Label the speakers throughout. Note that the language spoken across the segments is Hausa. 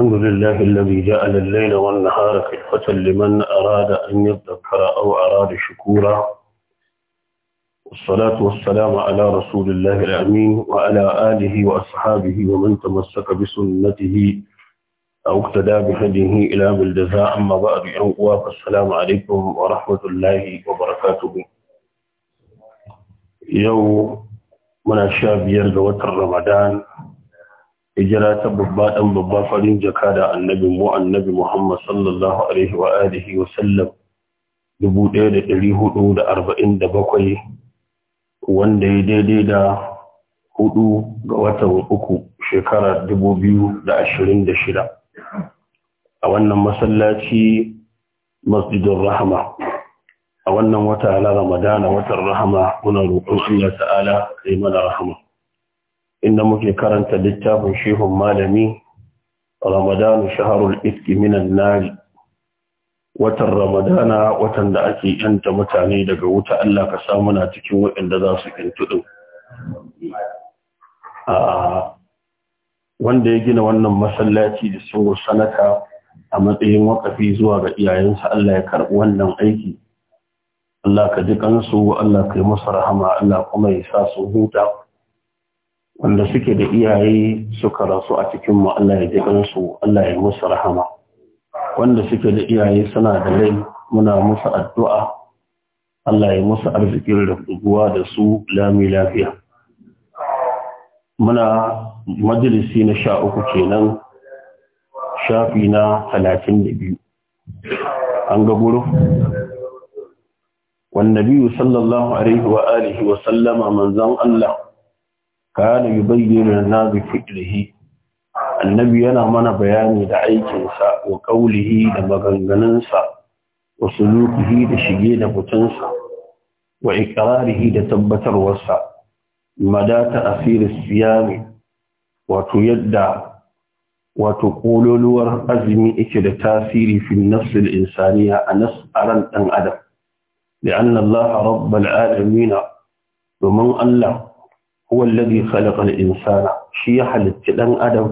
Speaker 1: الحمد لله الذي جعل الليل والنهار خلفة لمن أراد أن يذكر أو أراد شكورا والصلاة والسلام على رسول الله الأمين وعلى آله وأصحابه ومن تمسك بسنته أو اقتدى بهديه إلى بالجزاء أما بعد السلام عليكم ورحمة الله وبركاته يوم من الشاب يرجو رمضان hijira ta babba dan babba farin jaka da annabi mu annabi Muhammad sallallahu alaihi wa alihi wa sallam 1447 wanda ya daidai da hudu ga watan uku shekara 2026 a wannan masallaci masjidin rahama a wannan wata na ramadana watan rahama muna roƙon Allah ta'ala kai mana rahama inda muke karanta littafin shehun malami ramadanu shaharul ifki minan nari watan ramadana watan da ake yanta mutane daga wuta Allah ka samu muna cikin waɗanda za su yantu ɗin wanda ya gina wannan masallaci da sungo sanata a matsayin wakafi zuwa ga iyayensa Allah ya karɓi wannan aiki Allah ka ji kansu Allah ka yi musu rahama Allah kuma ya sa su huta wanda suke da iyaye suka rasu a cikinmu Allah ya ji gansu Allah ya musu rahama wanda suke da iyaye suna da rai muna musu addu'a Allah ya musu arzikin rabuwa da su lami lafiya muna majalisi na sha uku kenan shafi na talatin da biyu an ga guru والنبي biyu sallallahu عليه wa'alihi wa sallama manzan Allah? kana yubayyinu na bi fikrihi annabi yana mana bayani da aikinsa wa qawlihi da maganganunsa wa sulukihi da shige da fitunsa wa iqrarihi da tabbatarwarsa madata asir siyami wato yadda wato kololuwar azumi yake da tasiri fi nafs al-insaniya a nas'aran dan adam لأن الله رب العالمين ومن الله huwa alladhi khalaqa al-insana shi ya halitta ɗan adam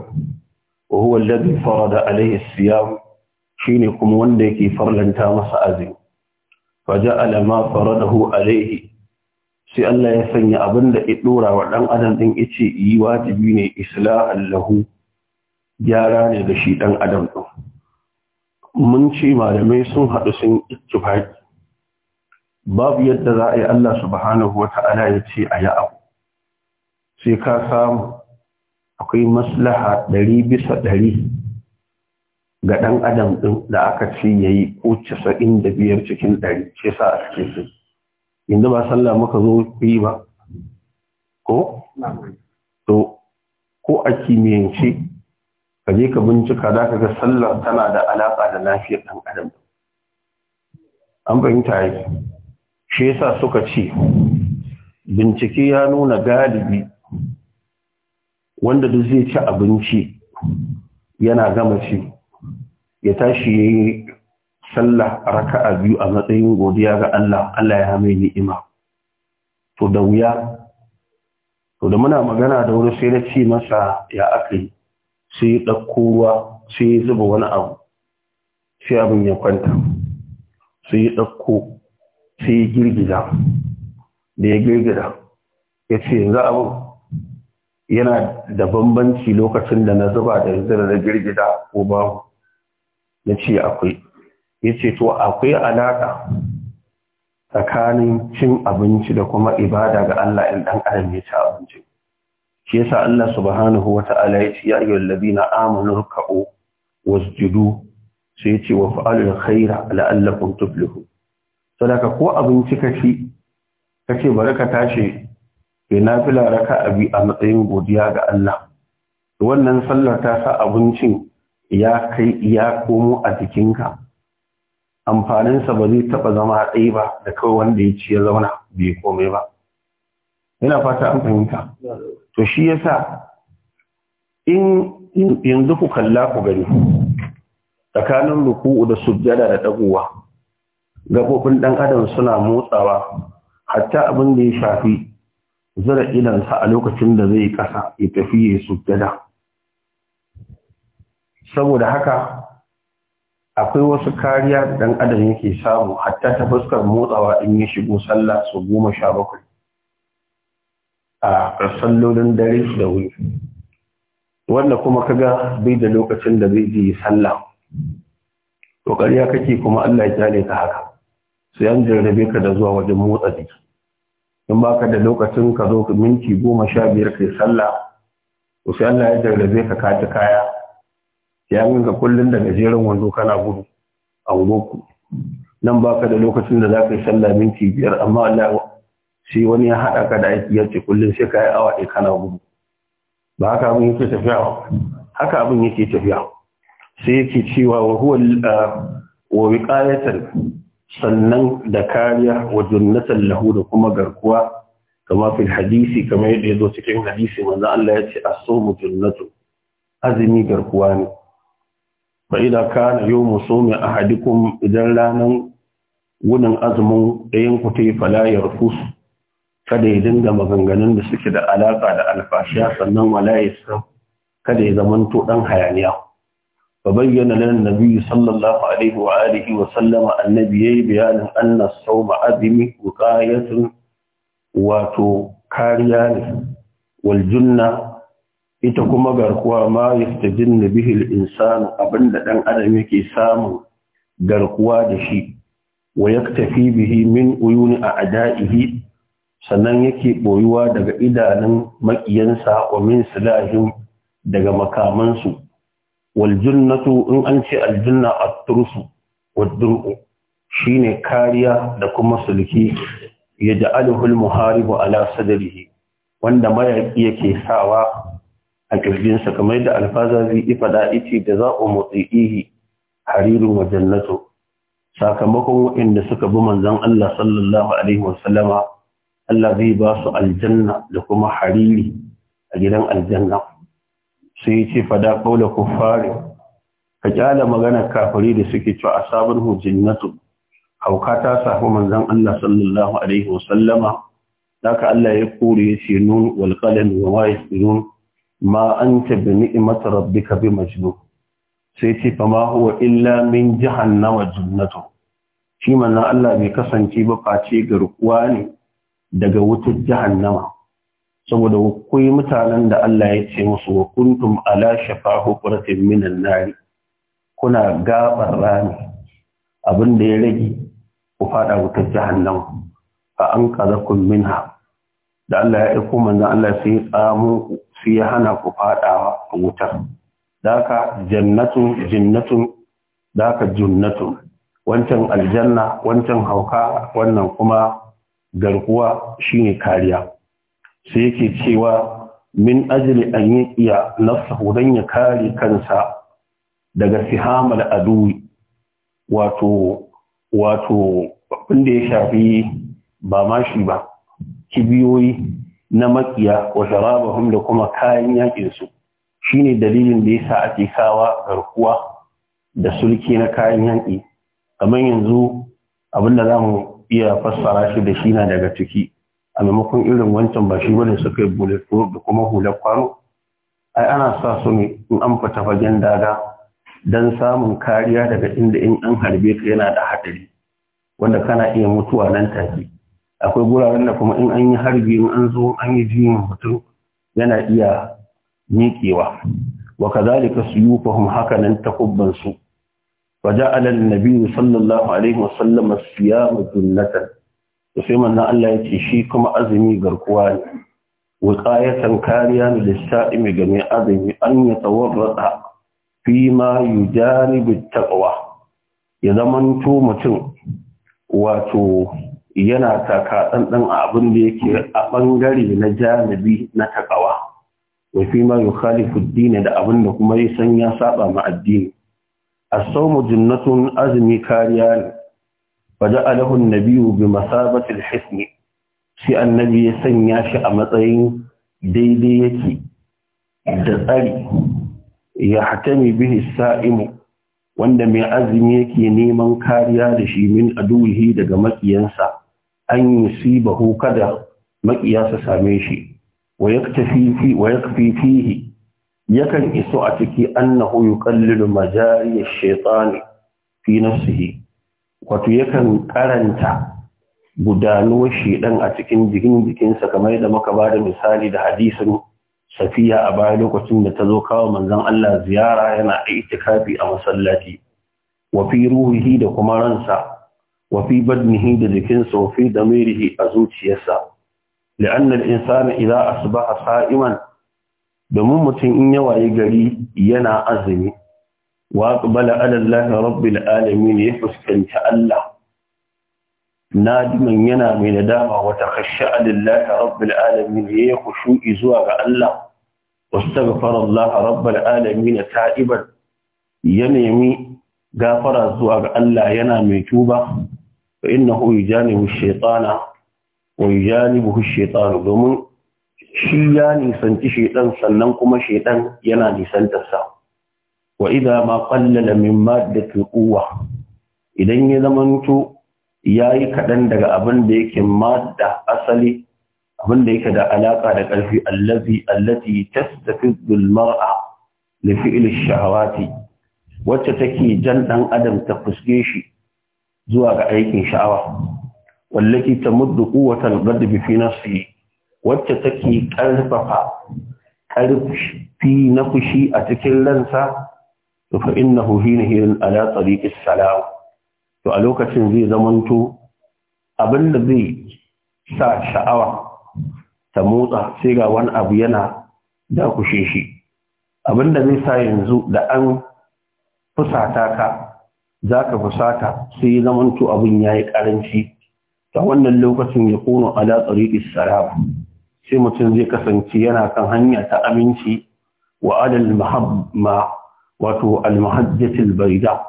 Speaker 1: wa huwa alladhi farada alayhi as-siyam shine kuma wanda yake farlanta masa azumi fa ja'ala ma faradahu alayhi sai Allah ya sanya abinda ya dora wa dan adam din yace yi wajibi ne isla allahu. gyara ne da shi dan adam din mun ce malamai sun haɗu sun ittifaqi babu yadda za a yi Allah subhanahu wata'ala ya ce a yi abu sai ka samu akwai maslaha ɗari bisa ɗari ga ɗan adam ɗin da aka ce ya yi ko casa'in da biyar cikin ɗari ce sa a cikin su inda ba sallah muka zo yi ba ko? to ko a kimiyyance ka je ka bincika za ka ga sallah tana da alaƙa da lafiyar ɗan adam an fahimta yi shi yasa suka ce bincike ya nuna galibi wanda duk zai ci abinci yana gama ci ya tashi ya yi sallah raka'a biyu a matsayin godiya ga Allah Allah ya mai ni'ima to da wuya to da muna magana da wani sai na ci masa ya akai sai ya ɗauko ruwa sai ya zuba wani abu sai abin ya kwanta sai ya ɗauko sai ya girgiza da ya girgiza ya ce yanzu abin yana da bambanci lokacin da na zuba da zira na girgida ko babu na ce akwai ya ce to akwai alaƙa tsakanin cin abinci da kuma ibada ga Allah in dan adam ya ci abinci shi yasa Allah subhanahu wa ta'ala ya ce ya ayyuhal ladina amanu ruk'u wasjudu sai ya ce wa fa'alul khaira la'allakum tuflihun sadaka ko abinci kaci kace bari ka tashi na fila raka abi a matsayin godiya ga Allah wannan sallar ta sa abincin ya kai ya komo a jikinka amfaninsa ba zai taɓa zama ɗaya ba da kawai wanda ya ci ya zauna bai komai ba yana fata an fahimta to shi sa, in yanzu ku kalla ku gani tsakanin ruku'u da sujjada da dagowa gaɓobin ɗan adam suna motsawa hatta abin da ya shafi zura sa a lokacin da zai ƙasa ya tafi ya sujjada saboda haka akwai wasu kariya da ɗan adam yake samu hatta ta fuskar motsawa in ya shigo sallah su goma sha bakwai a sallolin dare da wuri wanda kuma kaga bai da lokacin da zai je sallah to ƙarya kake kuma Allah ya kyale ka haka sai an jarrabe ka da zuwa wajen motsa jiki in baka da lokacin ka zo minti goma sha biyar kai sallah to sai Allah ya jarrabe ka kaci kaya ya ga kullun da gajeren wando kana gudu a ku nan baka da lokacin da za ka yi sallah minti biyar amma Allah shi wani ya haɗa ka da aiki ya ce kullun sai ka yi awa ɗaya kana gudu ba haka abin yake tafiya haka abin yake tafiya sai yake cewa wa huwa uh, wa wiqayatan sannan da kariya wa junnatan lahu da kuma garkuwa kama fi hadisi kamar yadda yazo cikin hadisi manzo Allah ya ce as-sawmu junnatu azumi garkuwa ne fa idan kana yawmu sawmi ahadikum idan ranar gunin azumin ɗayan ku tayi fala kada ya dinga maganganun da suke da alaƙa da alfashiya sannan wala yasam kada ya zamanto ɗan hayaniya فبين لنا النبي صلى a عليه وآله وسلم النبي بيان أن الصوم عظم وقاية وتكاريان والجنة ita kuma garkuwa ma yastajin na bihil insanu abinda ɗan adam yake samun garkuwa da shi wa ya tafi bihi a adaihi sannan yake ɓoyuwa daga idanun maƙiyansa wa min silahin daga makamansu waljannatu in an ce aljanna at-tursu wad shi shine kariya da kuma sulki ya ji al-muharibu ala sadrihi wanda mayaƙi yake sawa a ƙirjinsa kamar yadda alfazazi ifada ice da za motsi ihi haririn wajen nato, sakamakon waɗanda suka bi manzon Allah sallallahu alaihi Allah zai ba su aljanna da kuma hariri a gidan aljanna sai ya ce fada kaula kuffari ka kyala magana kafiri da suke cewa sabon jinnatu hauka ta safi manzan Allah sallallahu alaihi wasallama haka Allah ya kore ya ce nun wal qalam wa ma yasjun ma anta bi ni'mat rabbika bi majnun sai ce fama huwa illa min jahannama jannatu shi manzan Allah bai kasance ba face garkuwa ne daga wutar jahannama saboda kwai mutanen da Allah ya ce musu wa kuntum ala shafa hufratin minan nari kuna gabar rami abin da ya rage ku fada wutar jahannam fa an qadakum minha da Allah ya aiko manzo Allah sai ya tsamo sai ya hana ku faɗawa wuta wutar daka jannatu jinnatu daka junnatu wancan aljanna wancan hauka wannan kuma garkuwa shine kariya sai yake cewa min ajli an yi iya nafsahu dan ya kare kansa daga sihamal adu wato wato da ya shafi ba mashi ba kibiyoyi na makiya wa sharabahum da kuma kayan yakin su shine dalilin da yasa ake sawa garkuwa da sulki na kayan yanki kamar yanzu abinda zamu iya fassara shi da shi na daga ciki a maimakon irin wancan ba shi wani suka yi bullet da kuma hular kwano ai ana sa su ne in an fita fagen daga don samun kariya daga inda in an harbe ka yana da haɗari wanda kana iya mutuwa nan take akwai guraren da kuma in an yi harbi in an zo an yi jiyin mutum yana iya miƙewa wa kazalika suyufahum haka nan takubban su وجعل النبي nabi sallallahu alaihi wasallam الصيام جنة to sai manzon Allah ya shi kuma azumi garkuwa ne qayatan kariya ne da lissa'imi ga mai azumi an ya tawarrata fi ma yujanibu taqwa ya zamanto mutum wato yana taka ɗanɗan abin da yake a ɓangare na janibi na takawa wa fi ma yukhalifu ad da abin da kuma ya ya saba ma addini as-sawmu jannatun azmi kariya ne. فجعله النبي بمثابة الحسن في النبي يسنيا شي أمطين ديديك دتاري يحتمي به السائم wanda mai azumi yake neman kariya da shi min aduhi daga makiyansa an yusibahu kada makiyasa same shi wa yaktafi fi wa yakfi fihi yakan iso a ciki annahu yuqallilu majari ash-shaytan fi nafsihi wato yakan karanta gudanuwar shedan a cikin jikin jikinsa kamar da muka ba da misali da hadisin safiya a baya lokacin da ta zo kawo manzon Allah ziyara yana itikafi a masallaci wa fi ruhihi da kuma ransa wa fi badnihi da jikinsa wa fi damirihi a zuciyarsa لأن الإنسان إذا أصبح صائما domin mutum in ya waye gari yana azumi wa aqbala ala allahi rabbil alamin ya fuskanci Allah nadiman yana mai nadama wa takhashsha lillahi rabbil alamin ya khushu'i zuwa ga Allah wastaghfara Allah rabbil alamin ta'iban ya nemi gafara zuwa ga Allah yana mai tuba fa innahu yujanibu ash-shaytana wa yujanibuhu ash-shaytanu domin shi ya nisanci shaiɗan sannan kuma shaiɗan yana nisantarsa. sa wa idza ma qallala min maddati quwwa idan ya zamanto yayi kadan daga abin da yake madda asali abin da yake da alaka da karfi allazi allati tastafidu almar'a li fi'l ash-shahawati wacce take jan dan adam ta fuske shi zuwa ga aikin sha'awa wallaki tamuddu quwwatal ghadbi fi nafsihi wacce take karfafa karfi na fushi a cikin ransa to fa innahu hirin ala tariqis salam to a lokacin zai zamanto abin da zai sa sha'awa ta motsa sai ga wani abu yana dakushe shi abin da zai sa yanzu da an fusata ka za ka fusata sai zamanto abin ya yi ƙaranci ta wannan lokacin ya kono ala tsariƙis sarab sai mutum zai kasance yana kan hanya ta aminci wa adal mahabba wato almahajjatul baida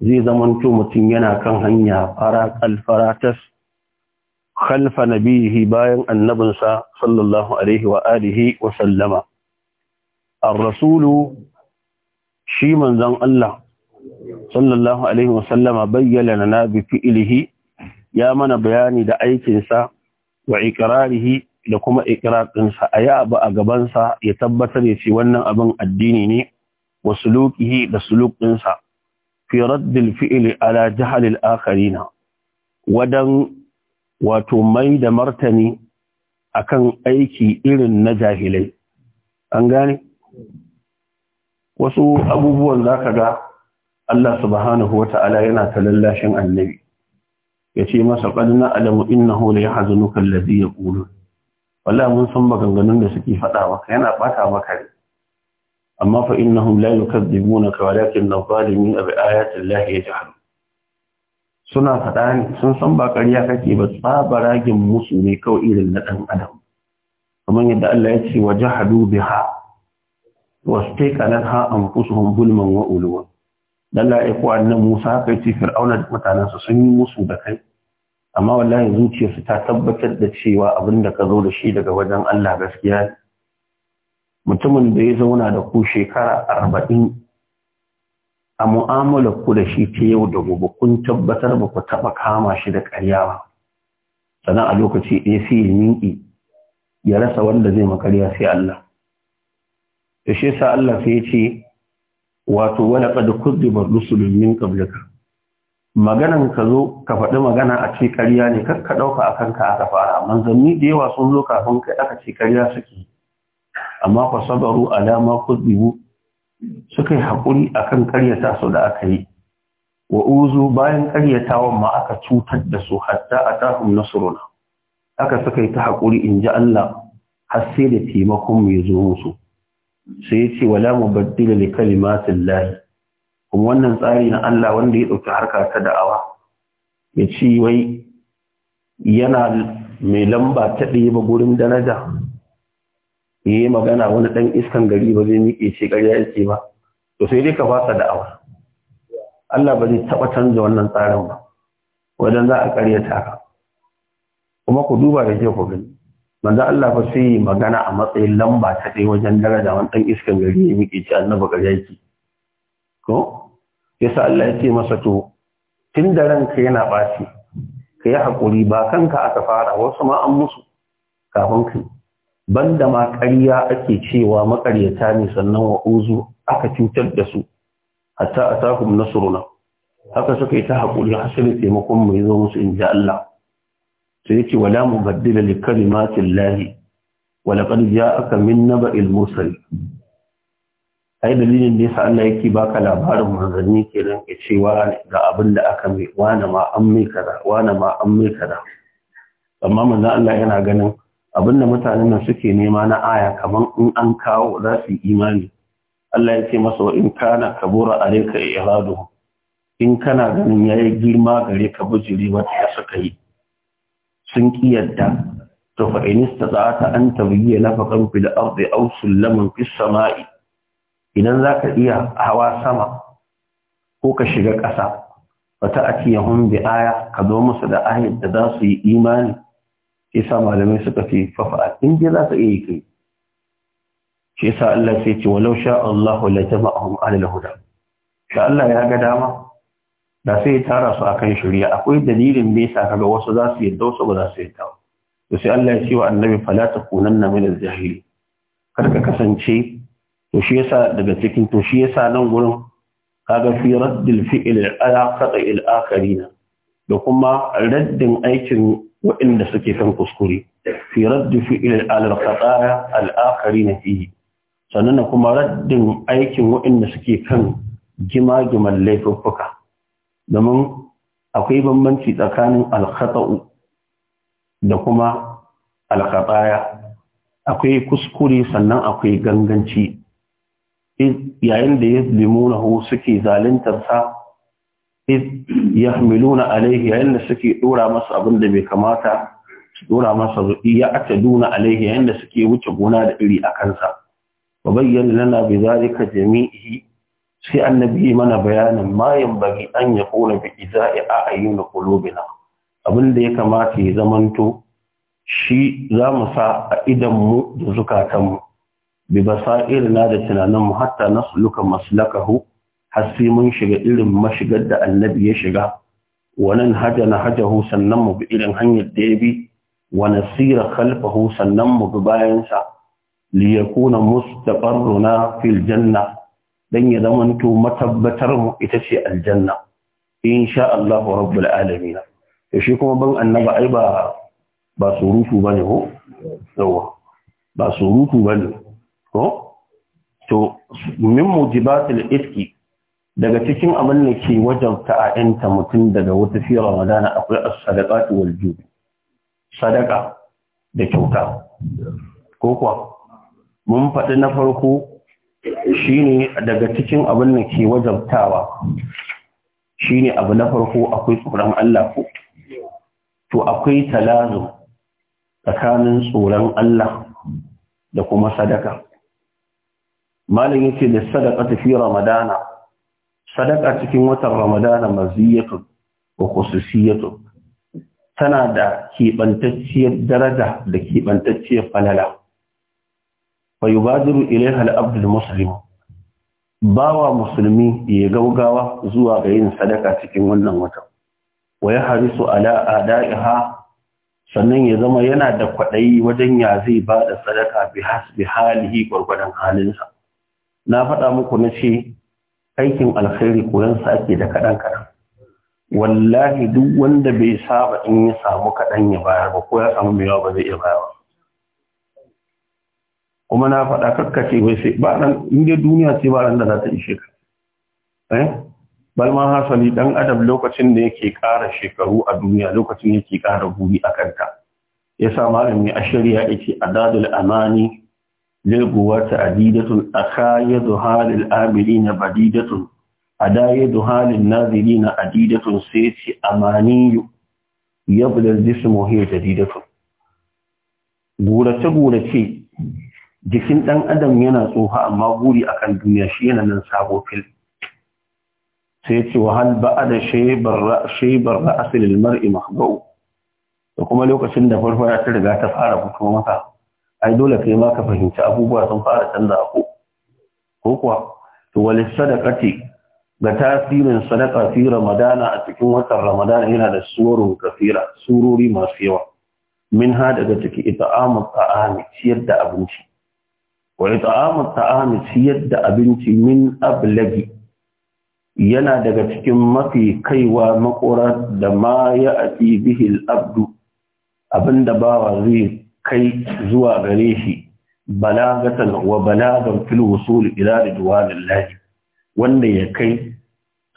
Speaker 1: zai zamanto mutum yana kan hanya fara Kalfa khalfa nabihi bayan annabinsa sallallahu alaihi wa alihi wa sallama ar-rasulu shi manzon Allah sallallahu alaihi wa sallama bayyana na bi fi'lihi ya mana bayani da aikinsa wa iqrarihi da kuma iqrar ɗinsa a yaba a gabansa ya tabbatar ya ce wannan abin addini ne wa sulukihi da suluk ɗinsa fi raddil fi'ili ala jahalil akharina wadan wato mai da martani akan aiki irin na jahilai an gane wasu abubuwan zaka ga Allah subhanahu wata'ala yana ta lallashin annabi yace masa qad na'lamu innahu la yahzunuka alladhi yaqulun wallahi mun san maganganun da suke faɗa yana bata maka ne amma fa innahum la yukadzibunaka walakin adh-dhalimin bi ayati llahi yajhadun suna faɗa ne sun san ba ƙarya kake ba tsabaragin musu ne kawai irin na ɗan adam kamar yadda Allah ya ce wa jahadu biha wa ha anfusuhum zulman wa ulwa dan la ya annan Musa kai ce Fir'auna da mutanansa sun yi musu da kai amma wallahi zuciyarsu ta tabbatar da cewa abin da ka zo da shi daga wajen Allah gaskiya mutumin da ya zauna da ku shekara arba'in a mu'amalar ku da shi ta yau da gobe kun tabbatar ba ku taɓa kama shi da ƙarya ba sannan a lokaci ɗaya sai ya minki ya rasa wanda zai makarya sai Allah da shi sa Allah sai ya ce wato wala qad ba rusulun min qablika maganan ka zo ka faɗi magana a ce ƙarya ne kar ka ɗauka a kanka aka fara manzanni da yawa sun zo kafin kai aka ce ƙarya suke amma fa sabaru ala ma kudibu suka yi hakuri akan karyata su da aka yi wa uzu bayan karyatawan ma aka cutar da su hatta a atahum nasruna aka suka yi ta hakuri in ji Allah har sai da taimakon mai zo musu sai ya ce wala mubaddila li kalimatin lahi kuma wannan tsari na Allah wanda ya dauki harka ta da'awa ya ce wai yana mai lamba ta ɗaya ba gurin daraja yi magana wani ɗan iskan gari ba zai miƙe ce ƙarya yake ba to sai dai ka fasa da awa. Allah ba zai taɓa canza wannan tsarin ba wajen za a ta ka kuma ku duba da ke ku gani manzo Allah fa sai yi magana a matsayin lamba ta ɗaya wajen daraja wani ɗan iskan gari ya miƙe ce annabi ƙarya yake ko yasa Allah ya ce masa to tun da ranka yana ɓaci ka yi haƙuri ba kanka aka fara wasu ma an musu kafin kai banda ma ƙarya ake cewa maƙaryata ne sannan wa uzu aka cutar da su hatta na nasruna haka suka yi ta haƙuri har sai taimakon mu zo musu in ji Allah sai yake wala mubaddila li kalimatin lahi wa laqad ja'aka min naba'il mursal ai dalilin ne sa Allah yake baka labarin manzanni kenan ya ce ga abin da aka mai wani ma an mai kaza wani ma an mai kaza amma manzan Allah yana ganin Abin da mutanen nan suke nema na aya kamar in an kawo za su imani Allah ya ce masa in kana kabura alayka iraduhu in kana ganin yayi girma gare ka bujiri wata ya suka yi sun kiyarda to fa in ta an tabiyya nafaqan fil ardi aw sulaman fis sama'i idan zaka iya hawa sama ko ka shiga ƙasa wata atiyahum bi aya ka zo musu da ayat da za su yi imani yasa malamai suka fi fafa in je za ka iya kai shi Allah sai ce walau sha Allah la jama'ahum ala al-huda sha Allah ya ga dama da sai ya tara su akan shari'a akwai dalilin me yasa kaga wasu za su yadda wasu ba za su yadda to sai Allah ya ce wa annabi fala takunanna min al-jahili kar ka kasance to shi yasa daga cikin to shi yasa nan gurin kaga fi raddil fi'l ala qata'il akharina da kuma raddin aikin waɗanda suke kan kuskure fi raddi fi'il al-qata'a al-akharin fihi sannan kuma raddin aikin waɗanda suke kan gima-giman laifuffuka domin akwai bambanci tsakanin al da kuma al-qata'a akwai kuskure sannan akwai ganganci yayin da ya limunahu suke zalintarsa yahmiluna alaihi yayin da suke dora masa abin da bai kamata su dora masa ya ataduna alaihi yayin da suke wuce gona da iri a kansa wa bayyana lana bi zalika jami'i sai annabi mana bayanin ma bari an ya kula bi iza'i a na qulubina abin da ya kamata ya zamanto shi za mu sa a idan mu da zukatan mu bi basairina da tunanin mu hatta nasluka maslakahu har sai mun shiga irin mashigar da annabi ya shiga wannan haja na haja sannan mu bi irin hanyar da ya bi sira kalfa khalfahu sannan mu bi bayansa Liyakuna yakuna mustaqarruna fil janna dan ya zamanto matabbatar mu ita ce aljanna insha Allah rabbul alamin to shi kuma ban annaba ai ba ba surutu bane ho yawa ba surutu bane ko to min mujibatil ifki daga cikin abin da ke wajabta a mutum daga wata fiye Ramadana akwai sadaka ta jubi, sadaka da kyauta. Ko kuwa, mun faɗi na farko shi ne daga cikin abin da ke wajabtawa shi ne abu na farko akwai tsoron Allah ko? To akwai talazo tsakanin tsoron Allah da kuma sadaka. Malin yake da sadaka ta wa Ramadana sadaka cikin watan ramadana maziyatu wa khususiyatu tana da keɓantacciyar daraja da kibantacciyar falala fa yubadiru ilaiha al-abd al-muslim bawa musulmi ya gaugawa zuwa ga yin sadaka cikin wannan watan wa ya harisu ala adaiha sannan ya zama yana da kwaɗayi wajen ya zai ba da sadaka bi hasbi halihi gurgurdan halinsa na faɗa muku na ce aikin alkhairi koyon sa ake da kaɗan kaɗan wallahi duk wanda bai saba in ya samu kaɗan ya bayar ba ko ya samu mai yawa ba zai iya ba? kuma na faɗa kakkace bai sai ba ran inda duniya sai ba dan da za ta ishe ka eh balma hasali dan adam lokacin da yake ƙara shekaru a duniya lokacin yake ƙara buri a kanta ya sa malami ashariya yake adadul amani Lego Adidatu adidatun a kayan duhalin amiri na badidatun, a daya duhalin naziri na Adidatu sai ce a maniyu, ya bulan da Didatu. Gurace-gurace, jikin ɗan adam yana tsoha amma guri a kan duniya shi yana nan sabo fil. Sai ce wahal ba a da shebar ra’asirin mar’i mahabau, da kuma lokacin da farfara ta riga ta fara fito maka. ai dole kai ma ka fahimci abubuwa sun fara canza ko ko kuwa to walis sadaqati ga tasirin sadaqa fi ramadana a cikin watan ramadana yana da surorin kafira surori masu yawa minha daga ciki ita'amu ta'ami ciyar da abinci wa ita'amu ta'ami ciyar da abinci min ablagi yana daga cikin mafi kaiwa makora da ma ya'ati bihi bihi abdu abinda bawa zai kai zuwa gare shi balagatan wa balagan fil wusul ila ridwanillah wanda ya kai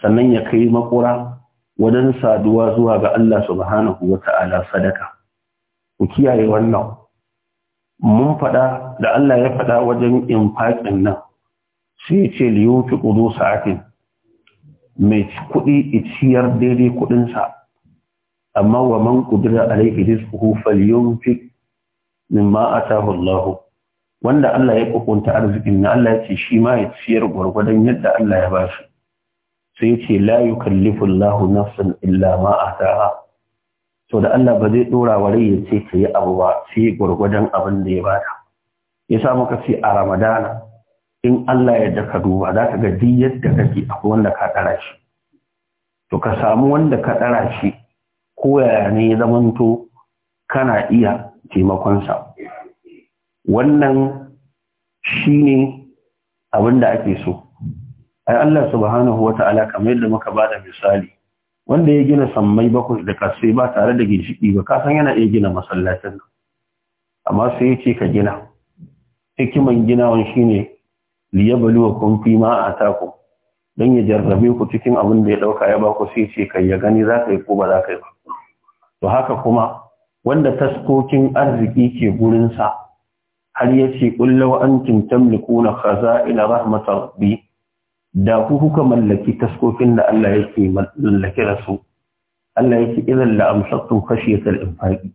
Speaker 1: sannan ya kai makura wajen saduwa zuwa ga Allah subhanahu wataala sadaka ku kiyaye wannan mun faɗa da Allah ya faɗa wajen infaqin nan sai ya ce liyufi sa'atin mai kuɗi ciyar daidai sa? amma wa man qudira alayhi rizquhu falyunfiq ma atahu Allah wanda Allah ya kokunta arzikin na Allah ya ce shi ma ya ciyar gurgurdan yadda Allah ya bashi sai yace la yukallifu Allah nafsan illa ma ataha to da Allah ba zai dora wa rai ya ce ka yi abu ba sai gwargwadon abin da ya bada ya sa muka ce a Ramadana in Allah ya daka duba za ka ga duk yadda kake akwai wanda ka dara shi to ka samu wanda ka ɗara shi ko yaya ne zamanto kana iya taimakonsa wannan ne abin da ake so ai Allah subhanahu wa ta'ala kamar yadda muka ba da misali wanda ya gina sammai bakwai da kasai ba tare da ginshiki ba kasan yana iya gina masallacin nan amma sai yace ka gina hikiman ginawan shine wa kumfi ma a taku Don ya jarrabe ku cikin abin da ya ɗauka ya ba ku sai ce kai ya gani za ka yi ko ba za ka yi ba to haka kuma wanda taskokin arziki ke gurinsa har ya ce ƙullo an kintam kuna kaza ila rahmatar bi da ku kuka mallaki taskokin da Allah yake mallaki da su Allah yake idan la amsaktum khashiyatal infaqi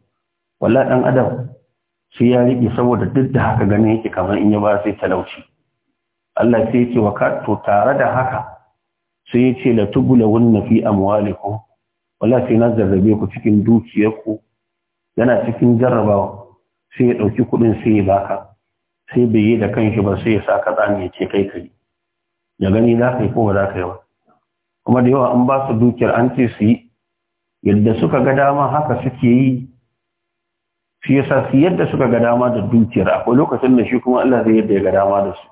Speaker 1: walla dan adam sai ya rike saboda duk da haka ganin yake kamar in ya ba sai talauci Allah sai yake wa to tare da haka sai yace la tubula wanna fi amwalikum walla sai na zarrabe ku cikin dukiyarku yana cikin jarrabawa sai ya ɗauki kuɗin sai ya baka sai bai yi da shi ba sai ya sa ka tsami ya ce kai kai ya gani za ka yi ko ba za ka yi ba kuma da yawa an ba su dukiyar an ce su yi yadda suka ga dama haka suke yi shi sa su yadda suka ga dama da dukiyar akwai lokacin da shi kuma Allah zai yadda ya ga dama da su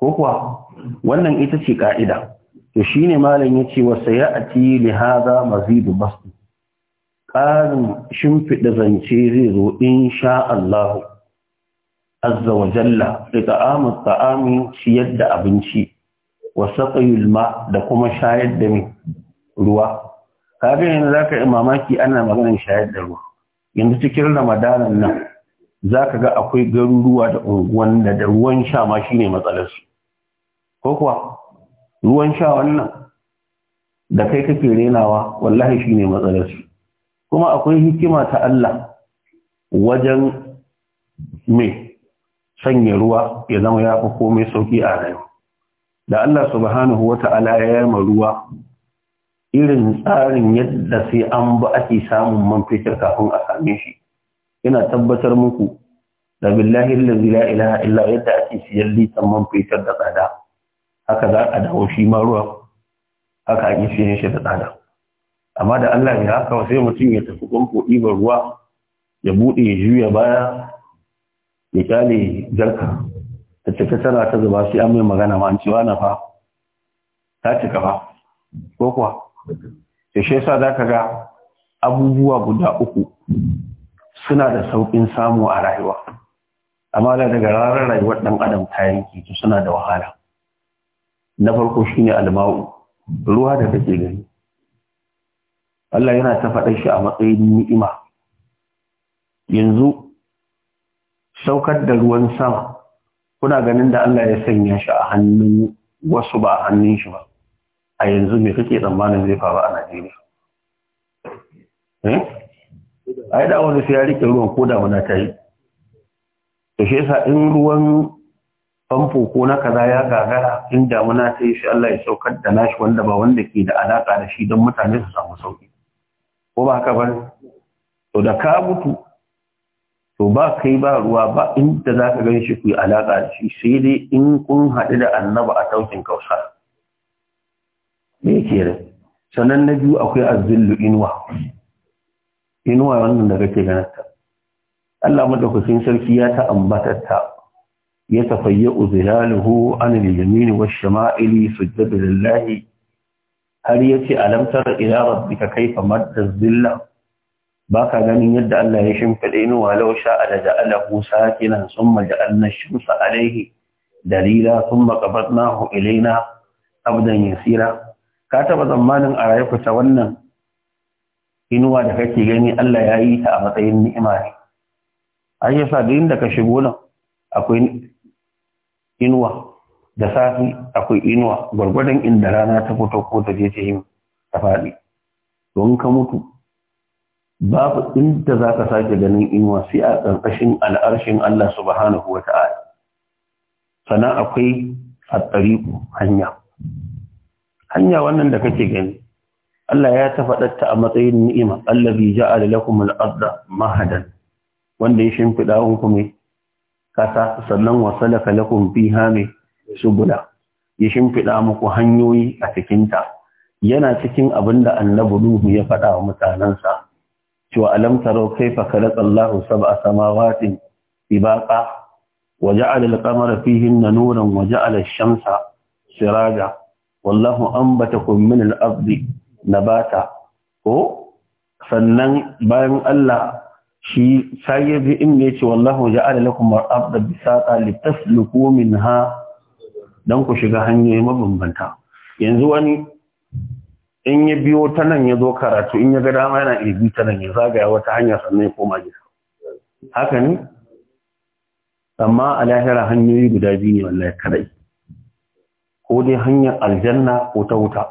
Speaker 1: ko kuwa wannan ita ce ka'ida to shine malam yace wa sayati li hadha mazidu ƙarin shimfiɗa zance zai zo insha Allah azza wa jalla da ta'amu ta'ami ciyar da abinci wa saqayul ma da kuma shayar da mai ruwa kaga yanzu zaka yi mamaki ana maganar shayar da ruwa yanzu cikin ramadanan nan za ka ga akwai garuruwa da unguwan da ruwan sha ma shine matsalar su ko kuwa ruwan sha wannan da kai kake renawa wallahi shine matsalar su kuma akwai hikima ta Allah wajen me sanya ruwa ya zama ya fi komai sauki a rayu. da Allah subhanahu wa ta'ala ya yama ruwa irin tsarin yadda sai an ba ake samun man fetur kafin a same shi ina tabbatar muku da billahi la ilaha illa yadda ake siyar litan man fetur da tsada haka za a dawo shi ma ruwa haka ake siyan shi da tsada amma da Allah ya haka sai mutum ya tafi kwanko ɗibar ruwa ya buɗe ya juya baya ya kyale jarka ta cika tana ta zuba sai an mai magana ma an cewa na fa ta cika ba ko kuwa da shi yasa za ka ga abubuwa guda uku suna da sauƙin samu a rayuwa amma da daga ranar rayuwar ɗan adam ta yanki suna da wahala na farko shine alma'u ruwa da kake gani Allah yana ta faɗin shi a matsayin ni'ima yanzu saukar da ruwan sama kuna ganin da Allah ya sanya shi a hannun wasu ba a hannun shi ba a yanzu me kake tsammanin zai faru a Najeriya eh ai da wani sai ya rike ruwan ko da muna tayi to shi yasa in ruwan famfo ko na kaza ya gagara in damuna ta yi shi Allah ya saukar da nashi wanda ba wanda ke da alaƙa da shi don mutane su samu sauki ko ba haka ba to da ka mutu to ba kai ba ruwa ba inda za ka gan shi ku yi alaƙa da shi sai dai in kun haɗu da annaba a taukin kausa me yake da sannan na biyu akwai azzillu inuwa inuwa wannan da kake ganarta Allah madaukakin sarki ya ta ambatatta ya tafayya uzilaluhu an al-yamin wash-shama'ili sujjada lillahi har yace alam tara ila rabbika kayfa madda zilla baka ganin yadda Allah ya shimfide ni walau sha'a da ja'alahu sakinan thumma ja'alna ash-shamsa alayhi dalila thumma qabatnahu ilaina abdan yasira ka taɓa zamanin a rayu ta wannan inuwa da kake gani Allah ya yi ta a matsayin ni'ima ne ai sa da inda ka shigo nan akwai inuwa da safi akwai inuwa gwargwadon inda rana ta fito ko ta je cikin ta faɗi don ka mutu babu inda za ka sake ganin inuwa sai a ƙarƙashin al'arshin Allah subhanahu wa ta'ala sannan akwai hatsariku hanya hanya wannan da kake gani Allah ya ta a matsayin ni'ima bi ja'ala lakum al-ardha mahadan wanda ya shimfida muku mai kasa sannan wasalaka lakum fiha subula ya shimfiɗa muku hanyoyi a cikinta yana cikin abin da annabi Nuhu ya faɗa wa mutanensa cewa alam tarau kaifa khalaqa Allahu sab'a sama ibaqa wa ja'ala al-qamara fihinna nuran wa ja'ala ash-shamsa siraja wallahu anbatakum min al-ardi nabata ko sannan bayan Allah shi sai ya bi in ce wallahu ja'ala lakum al-arda bisata litasluku minha don ku shiga hanyoyi mabambanta yanzu wani in ya biyo ta nan ya zo karatu in ya ga dama yana iya bi ta nan ya zagaya wata hanya sannan ya koma gida haka ne amma a lahira hanyoyi guda biyu ne wallahi kadai ko dai hanyar aljanna ko ta wuta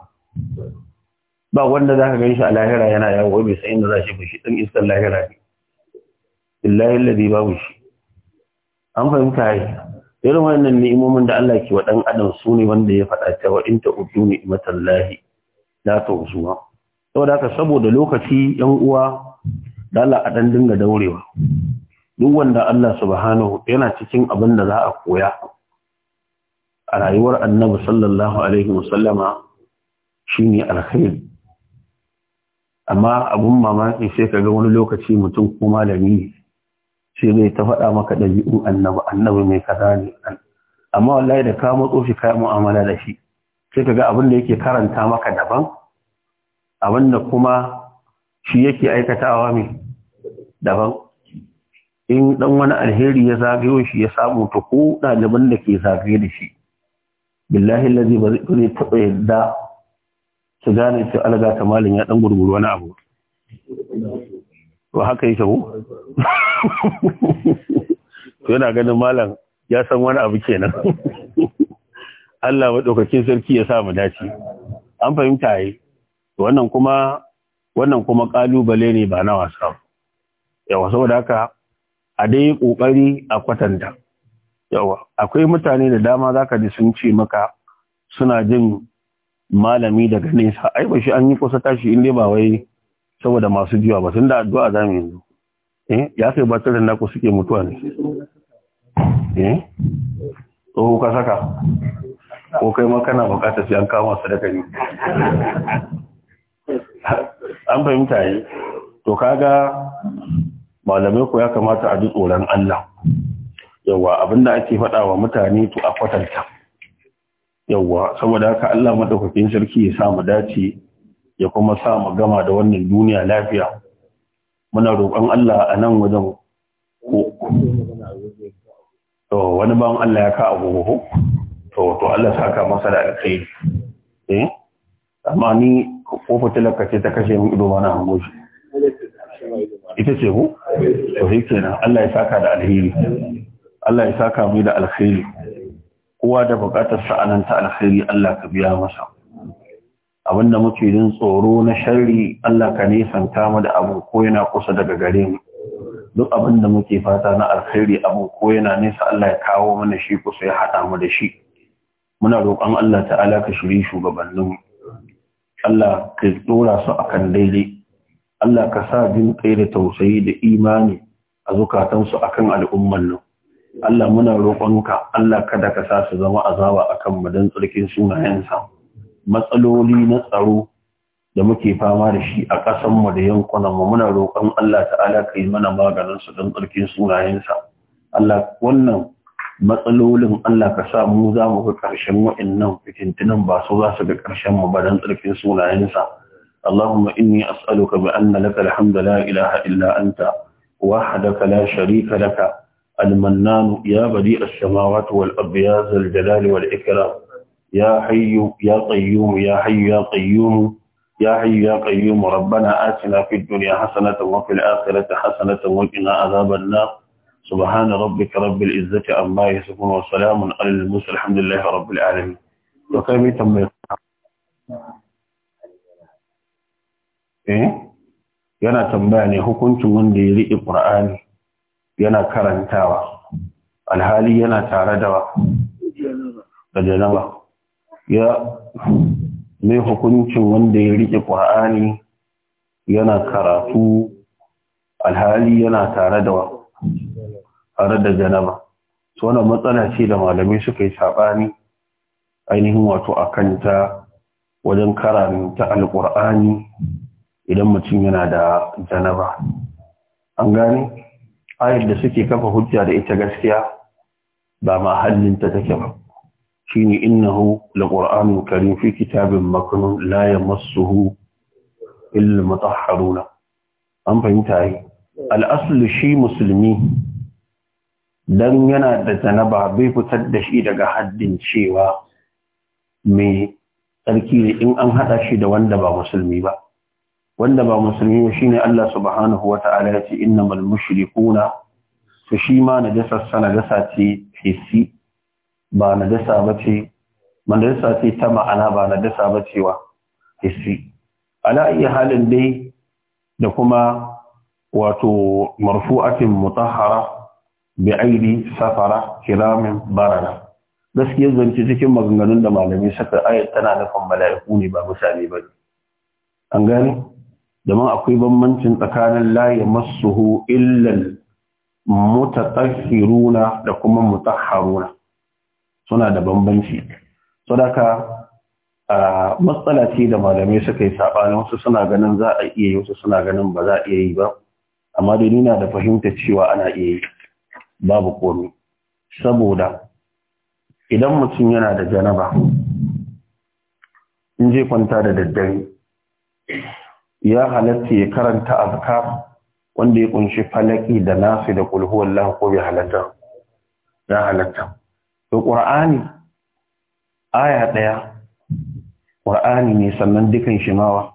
Speaker 1: ba wanda za ka shi a lahira yana yawo bai san inda za shi fushi ɗan iskar lahira ne billahi ladi babu shi an fahimta yi irin wannan ni'imomin da Allah ke wa dan adam su ne wanda ya faɗa cewa in ta uddu ni'matallahi la tuhsuha saboda haka saboda lokaci yan uwa da Allah a dan dinga daurewa duk wanda Allah subhanahu yana cikin abin da za a koya a rayuwar Annabi sallallahu alaihi wasallama shine alkhairi amma abun mamaki sai kaga wani lokaci mutum ko malami ne. sai zai ta faɗa maka ɗabi'un annabi annabi mai kaza ne amma wallahi da ka matso shi ka mu'amala da shi sai ka ga abin da yake karanta maka daban abin da kuma shi yake aikatawa mai daban in dan wani alheri ya zagayo shi ya samu ta ko ɗaliban da ke zagaye da shi billahi lazi ba zai taɓa yadda su gane su alga ta malin ya ɗan gurguru wani abu ba haka yake ko to yana ganin malam ya san wani abu kenan Allah maɗaukakin sarki ya sa mu dace an fahimta yi wannan kuma wannan kuma ƙalubale ne ba na wasa yawa saboda haka a dai ƙoƙari a kwatanta yawa akwai mutane da dama za ka ji sun ce maka suna jin malami daga nesa ai ba shi an yi kusa tashi in dai ba wai saboda masu jiwa ba tun da addu'a za mu yanzu eh ya kai batirin naku suke mutuwa ne eh tsoho ka saka ko kai ma kana bukata sai an kama su da an fahimta yi to kaga malamai ku ya kamata a ji tsoron Allah yawa abinda ake faɗa wa mutane to a kwatanta yawa saboda haka Allah madaukakin sarki ya sa mu dace ya kuma sa mu gama da wannan duniya lafiya muna roƙon Allah a nan wajen ko wani bawan Allah ya ka agogo to to Allah saka masa da alkhairi eh amma ni kofa talaka ce ta kashe min ido mana hango shi ita ce ku to shi kenan Allah ya saka da alheri Allah ya saka mu da alkhairi kowa da bukatar sa anan ta alkhairi Allah ka biya masa abinda muke jin tsoro na sharri Allah ka nisanta mu da abu ko yana kusa daga gare mu duk abinda muke fata na alkhairi abu ko yana nesa Allah ya kawo mana shi kusa ya hada mu da shi muna roƙon Allah ta'ala ka shiri shugabannin Allah ka dora su akan daidai Allah ka sa jin kai da tausayi da imani a su akan al'umman nan Allah muna roƙonka Allah kada ka sa su zama azaba akan mu dan tsarkin sa matsaloli na tsaro da muke fama da shi a ƙasanmu da yankunanmu muna roƙon Allah ta'ala ka yi mana maganinsu don tsarkin sunayensa Allah wannan matsalolin Allah ka sa mu za mu ga ƙarshen wa'annan fitintunan ba su za su ga ƙarshen mu ba don tsarkin sunayensa اللهم إني أسألك بأن لك الحمد لا إله la sharika laka لا شريك bari المنان يا بديع السماوات والأرض يا ذا الجلال ikram. يا حي يا قيوم يا حي يا قيوم يا حي يا قيوم ربنا آتنا في الدنيا حسنة وفي الآخرة حسنة وقنا عذاب النار سبحان ربك رب العزة عما يصفون وسلام على المرسلين الحمد لله رب العالمين وكيف تم إيه؟ yana tambaya ne hukuncin wanda ya riƙe Qur'ani yana karantawa alhali yana tare da da janaba ya mai hukuncin wanda ya riƙe ƙwa'ani yana karatu alhali yana tare da tare da janaba to wannan matsala ce da malamai suka yi saɓani ainihin wato a kanta wajen karanta alƙur'ani idan mutum yana da janaba an gane ayar da suke kafa hujja da ita gaskiya ba ma hallinta take ba shine innahu laqur'anun karim fi kitabin maknun la yamassuhu illa mutahharuna an fahimta ai al'aslu shi musulmi dan yana da janaba bai fitar da shi daga haddin cewa mai tsarki ne in an hada shi da wanda ba musulmi ba wanda ba musulmi ba shine Allah subhanahu ta'ala ya ce innamal mushrikuna to shi ma najasa sana gasa ce hissi ba na dasa ba ce ce ta ma'ana ba na dasa ba cewa hissi ala iya halin dai da kuma wato marfu marfu'atin mutahara bi aidi safara kiramin barara gaskiyar zance cikin maganganun da malami saka ayat tana nufin mala'iku ne ba misali ba an Da domin akwai bambancin tsakanin masu yamassuhu illal mutatahhiruna da kuma mutaharuna. suna da bambanci sadaka a matsala ce da malamai suka yi sabanin wasu suna ganin za a iya yi wasu suna ganin ba za a iya yi ba amma dai nina da fahimta cewa ana iya yi babu komi saboda idan mutum yana da janaba in je kwanta da daddare ya halatta ya karanta azkar wanda ya kunshi falaki da nasu da kulhuwallahu ko bai halatta ya halatta to qur'ani aya ɗaya ƙur'ani ne sannan dukan shimawa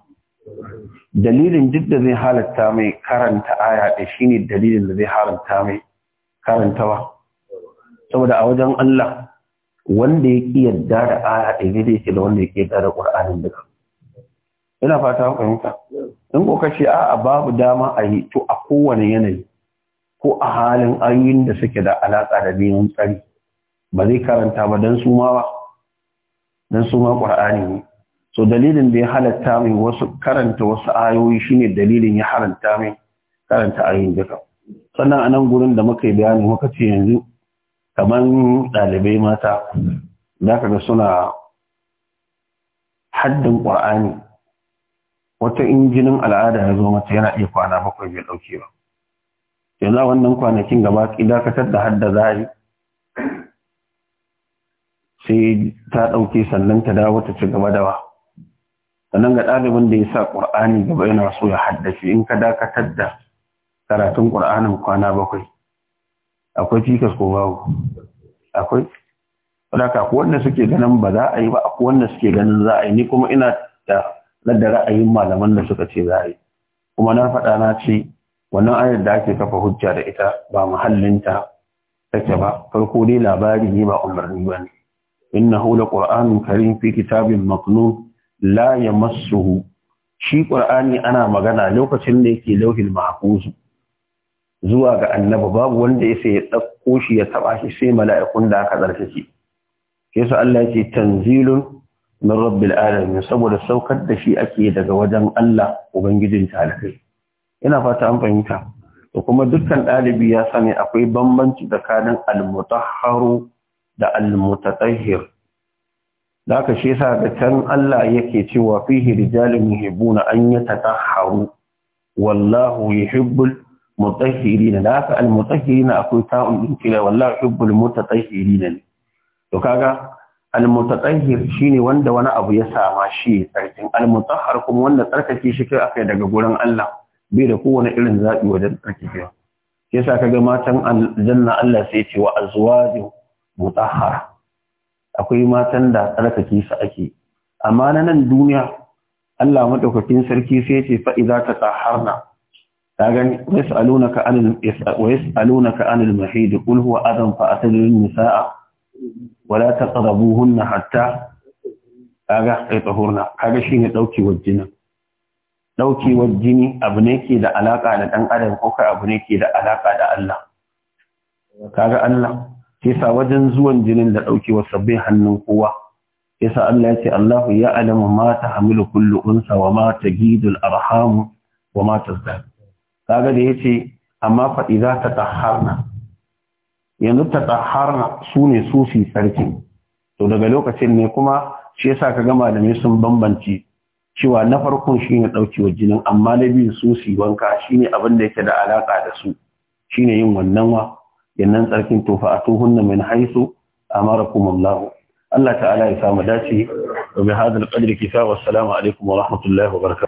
Speaker 1: dalilin duk da zai halatta mai karanta aya ɗaya shine dalilin da zai halatta mai karantawa saboda a wajen Allah wanda ya ƙi yadda da aya ɗaya zai ce da wanda ya ƙi yadda da ƙur'anin duka ina fata fahimta in ko kace a'a babu dama a yi to a kowane yanayi ko a halin ayoyin da suke da alaƙa da neman tsari ba zai karanta ba don suma ba don suma ƙwar'ani ne so dalilin da ya halatta min wasu karanta wasu ayoyi shine dalilin ya haranta min karanta ayoyin duka sannan a nan gurin da muka yi bayani muka ce yanzu kamar ɗalibai mata za ka ga suna haddin ƙwar'ani wata injinin al'ada ya zo mata yana iya kwana bakwai bai ɗauke ba yanzu wannan kwanakin gaba dakatar da hadda zari sai ta ɗauke sannan ta dawo ta ci gaba da wa sannan ga ɗalibin da ya sa ƙur'ani gaba yana so ya haddace in ka dakatar da karatun ƙur'anin kwana bakwai akwai cikas ko babu akwai wanda suke ganin ba za a yi ba akwai wanda suke ganin za a yi ni kuma ina da ladda ra'ayin malaman da suka ce za a yi kuma na faɗa na ce wannan ayar da ake kafa hujja da ita ba muhallinta take ba farko dai labari ne ba umarni ba ne hula laqur'anun karim fi kitabin maknun la yamassuhu shi ƙur'ani ana magana lokacin da yake lauhin mahfuz zuwa ga annabi babu wanda ya sai ya dauko shi ya taɓa shi sai mala'ikun da aka zartace sai su Allah yake tanzirin na rabbil alamin saboda saukar da shi ake daga wajen Allah ubangijin talakai ina fata an fahimta da kuma dukkan ɗalibi ya sani akwai bambanci tsakanin al da al-mutatahhir aka shi yasa da can Allah yake cewa fihi rijalun yuhibbuna an yatatahharu wallahu yuhibbul mutahhirin da aka al-mutahhirin akwai ta'un din kila wallahu yuhibbul mutatahhirin to kaga al-mutatahhir shine wanda wani abu ya sama shi tsarkin al-mutahhar kuma wanda tsarkake shi kai akai daga gurin Allah bai da kowane irin zabi wajen tsarkake yasa kaga matan aljanna Allah sai ya ce wa azwajin mutahara akwai matan da tsarkake su ake amma na nan duniya Allah madaukakin sarki sai ya ce fa idza tatahharna kagan yasalunaka anil yasalunaka anil mahid qul huwa adam fa atalil nisaa wala taqrabuhunna hatta kaga sai tahurna kaga shine dauki wajjina dauki wajjini abu ne ke da alaka da dan adam ko kai abu ne ke da alaka da Allah kaga Allah yasa wajen zuwan jinin da wa sabbin hannun kowa yasa Allah ya ce Allahu ya alamu ma Hamilu kullu unsa wa ma Gidul, arham wa ma tazdad kaga da yace amma fa idza taharna". yanzu tatahharna sune sufi sarki to daga lokacin ne kuma shi yasa ka ga malamai sun bambanci cewa na farkon shi ne ɗaukewar jinin amma na biyu su wanka shi ne abin da yake da alaƙa da su shi ne yin wannan wa innan tsarkin a fa atuhunna min haisu amarakumullahu Allah ta'ala ya samu dace wa bi hadha al-qadri kifaya wa alaikum wa rahmatullahi wa barakatuh